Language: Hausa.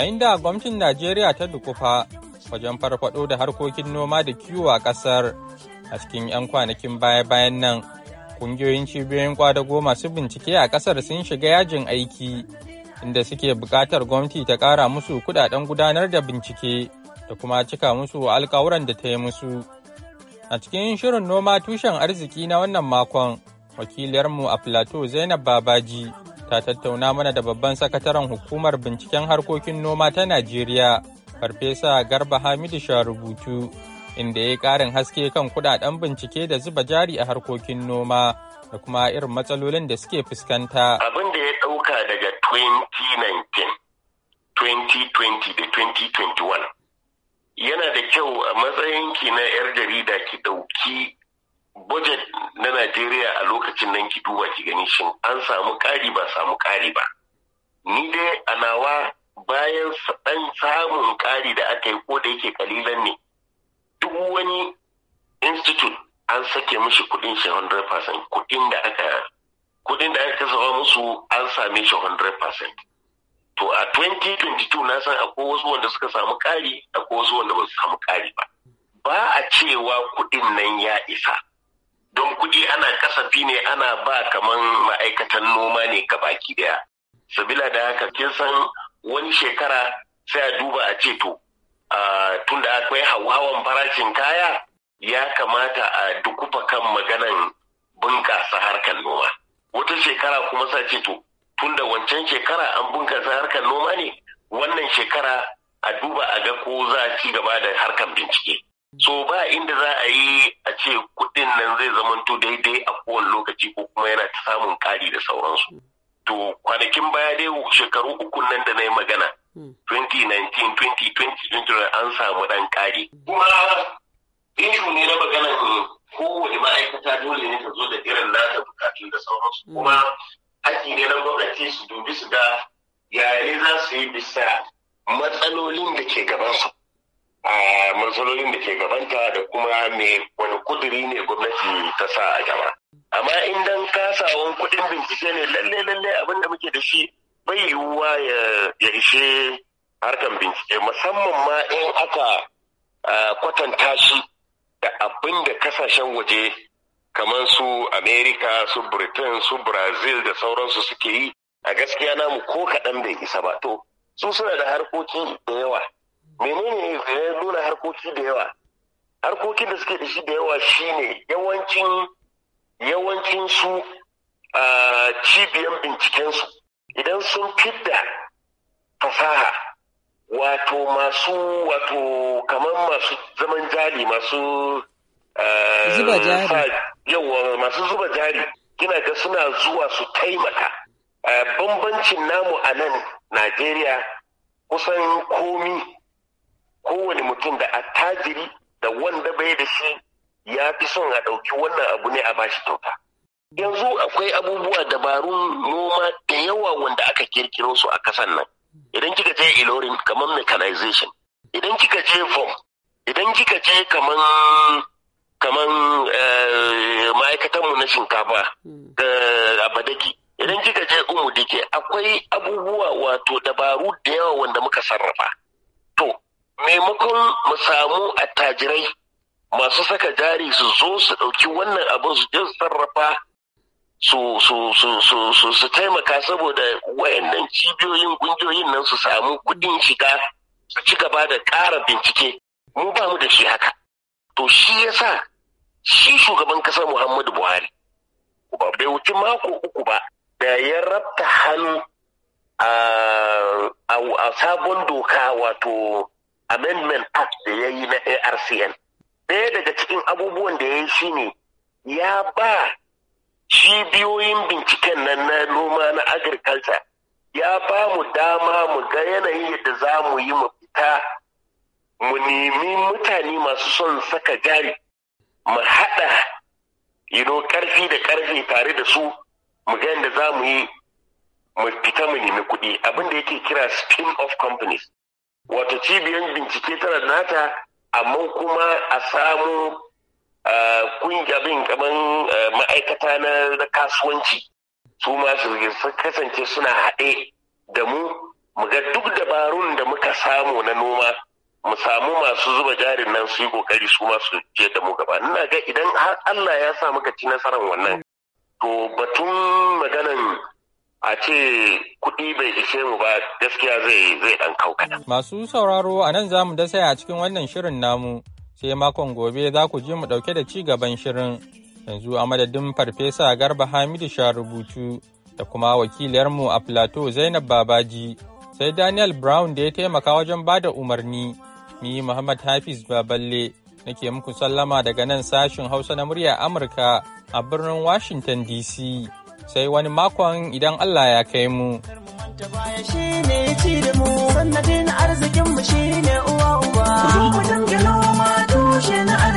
yayin da gwamnatin Najeriya ta dukufa wajen farfado da harkokin noma da kiwo a ƙasar a cikin 'yan kwanakin baya-bayan nan kungiyoyin cibiyoyin kwadago masu bincike a ƙasar sun shiga yajin aiki inda suke bukatar gwamnati ta ƙara musu kudaden gudanar da bincike da kuma cika musu alkawuran da ta yi musu a cikin shirin noma tushen arziki na wannan makon wakiliyarmu a plateau zainab babaji ta tattauna mana da babban sakataren hukumar binciken harkokin noma ta Najeriya, Farfesa Garba Hamidu Sharubutu, inda ya yi ƙarin haske kan kudaden bincike da zuba jari a harkokin noma da kuma irin matsalolin da suke fuskanta. Abin da ya ɗauka daga 2019, 2020 da 2021 yana da kyau a matsayin ki na 'yar jarida ki ɗauki budget na Najeriya a lokacin nan ki duba ki gani shin an samu ƙari ba samu ƙari ba. Ni dai a nawa bayan ɗan samun ƙari da aka yi ko da yake kalilan ne. Duk wani institute an sake mishi kuɗin shi 100% kuɗin da aka kuɗin da aka zama musu an same shi 100%. To a 2022 na san akwai wasu wanda suka samu ƙari akwai wasu wanda ba su samu ƙari ba. Ba a cewa kuɗin nan ya isa. kuɗi ana kasafi ne ana ba kaman ma'aikatan noma ne ga baki daya sabila da haka kin san wani shekara sai a duba a ce to tunda akwai hauhawan farashin kaya ya kamata a dukufa kan maganan bunƙasa harkar noma wata shekara kuma sa ce to tunda wancan shekara an bunƙasa harkar noma ne wannan shekara a duba a ga ko za a ci gaba da harkar bincike So ba inda za a yi a ce kuɗin nan zai zamanto daidai a kowane lokaci ko kuma yana ta samun ƙari da sauransu. To kwanakin baya dai shekaru uku nan da na yi magana. 2019, hmm. 2020, an samu dan ƙari. Kuma ishu ne na maganan kowane ma'aikata dole ne ta zo da irin nasa bukatun da sauransu. Hmm. Kuma haƙi ne na gwamnati su dubi su ga yare za su yi bisa matsalolin da ke gabansu. a matsalolin da ke gabanta da kuma me wani kuduri ne gwamnati ta sa a gaba. Amma in kasawan kudin bincike ne lalle lalle abin da muke da shi bai yiwuwa ya ishe harkan bincike musamman ma in aka kwatanta shi da abin da kasashen waje kamar su Amerika, su Britain, su Brazil da sauransu suke yi a gaskiya namu ko kaɗan bai isa ba. To, su suna da harkokin da yawa. menene ya nuna harkoki da yawa harkokin da suke da shi da yawa shine yawancin yawancin su a cibiyan bincikensu idan sun fidda fasaha wato masu wato kamar masu zaman jari masu zuba jari yawa masu zuba jari gina ga suna zuwa su taimaka bambancin namu a nan najeriya kusan komi kowane mutum da attajiri da wanda bai da shi ya fi son a ɗauki wannan abu ne a bashi kyauta. Yanzu akwai abubuwa dabarun noma da yawa wanda aka kirkiro su a kasan nan. Idan kika je ilorin kamar mechanization, idan kika je form, idan kika je kamar kamar eh, ma'aikatanmu na shinkafa da abadaki, idan kika je umu dike akwai abubuwa wato dabaru da yawa wanda muka sarrafa. maimakon mu samu attajirai masu saka jari su zo su ɗauki wannan abin su je sarrafa su taimaka saboda wayannan cibiyoyin kungiyoyin nan su samu kuɗin shiga su ci gaba da ƙara bincike mu ba mu da shi haka to shi yasa shi shugaban ƙasar muhammadu buhari ba bai wuce mako uku ba da ya rabta hannu a sabon doka wato amendment act da ya yi na arcn daya daga cikin abubuwan da ya yi shine ya ba cibiyoyin binciken nan na noma na agriculture ya ba mu dama mu ga yanayin yadda za mu yi mu fita mu nemi mutane masu son saka jari mu haɗa yino ƙarfi da ƙarfe tare da su mu ga yadda za mu yi mu fita mu nemi kuɗi abinda yake kira spin of companies Wata cibiyar bincike tana nata amma kuma a samu kungiyar kamar ma'aikata na kasuwanci su masu kasance suna haɗe da mu muga duk dabarun da muka samu na noma mu samu masu zuba jarin nan su yi kokari su masu je da mu gaba ina ga idan har Allah ya sa muka ci nasarar wannan to batun maganan a ce kuɗi bai ishe mu ba gaskiya zai zai ɗan kaukana. Masu sauraro a nan za mu dasa a cikin wannan shirin namu sai makon gobe za ku je mu ɗauke da ci gaban shirin. Yanzu a madadin Farfesa Garba Hamidu rubutu, da kuma wakiliyarmu a Plateau Zainab Babaji sai Daniel Brown da ya taimaka wajen ba da umarni. Ni Muhammad Hafiz Baballe nake muku sallama daga nan sashin Hausa na murya Amurka a birnin Washington DC. sai wani makon idan Allah ya kai mu. arzikinmu shine uwa uba. ma na